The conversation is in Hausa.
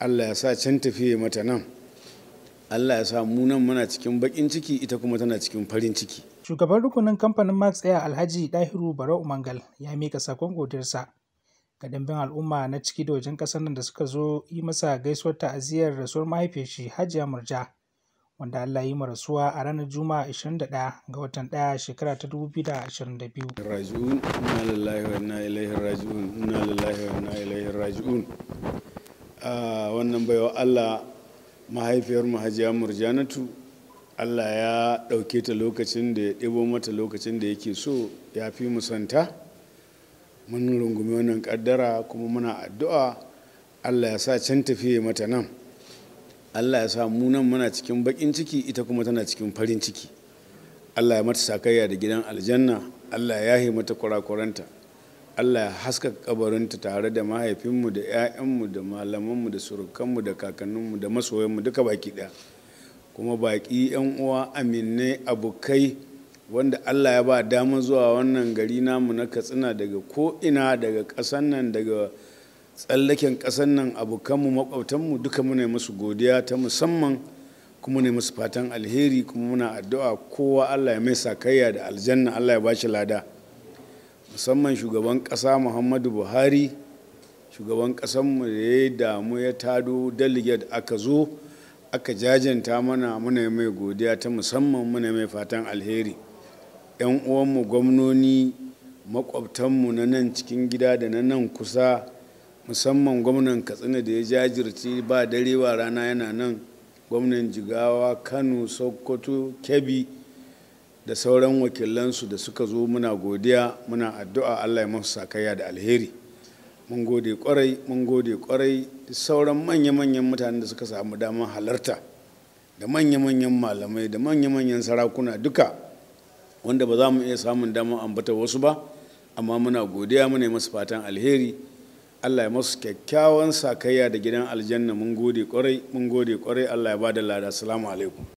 allah ya sa can tafiye mata nan allah ya sa mu nan muna cikin bakin ciki ita kuma tana cikin farin ciki shugaban rukunin kamfanin max air alhaji dahiru barau mangal ya mika sakon godiyarsa ga dimbin al'umma na ciki da wajen kasar nan da suka zo yi masa gaisuwar ta'aziyar rasuwar mahaifiyar shi hajiya murja wanda Allah yi rasuwa a ranar Juma'a 21 ga watan 1 shekara ta 2022. wannan baiwa allah mahaifiyar hajiya murjanatu allah ya ɗauke ta lokacin da ya ɗebo mata lokacin da yake so ya fi musanta mun rungumi wannan ƙaddara kuma muna addu'a allah ya sa can tafiye mata nan allah ya sa mu nan muna cikin baƙin ciki ita kuma tana cikin farin ciki allah ya mata sakayya da gidan aljanna allah ya yi mata kurakuranta allah ya haska kabarinta tare da mahaifinmu da 'ya'yanmu da malamanmu da surukanmu da kakanninmu da masoyanmu duka baki ɗaya kuma baki 'yan uwa aminai abokai wanda allah ya ba dama zuwa wannan gari namu na katsina daga ko'ina daga ƙasan nan daga tsallaken ƙasan nan abokanmu maƙwabtanmu duka muna musu godiya ta musamman kuma ne musu fatan alheri kuma muna addu'a kowa allah ya mai sakayya da aljanna allah ya ba shi lada musamman shugaban ƙasa muhammadu buhari shugaban mu da ya damu ya tado delegate aka zo aka jajanta mana muna mai godiya ta musamman muna mai fatan alheri 'yan uwanmu gwamnoni makwabtanmu na nan cikin gida da na nan kusa musamman gwamnan katsina da ya jajirci ba darewa rana yana nan gwamnan jigawa kano sokoto kebbi da sauran wakilansu da suka zo muna godiya muna addu'a allah ya masu sakayya da alheri mun gode kwarai mun gode kwarai da sauran manya-manyan mutanen da suka samu damar halarta da manya-manyan malamai da manya-manyan sarakuna duka wanda ba za mu iya samun damar ambata wasu ba amma muna godiya muna masu fatan alheri allah ya masu kyakkyawan sakayya da gidan aljanna mun gode kwarai mun gode kwarai allah ya ba da lada salamu alaikum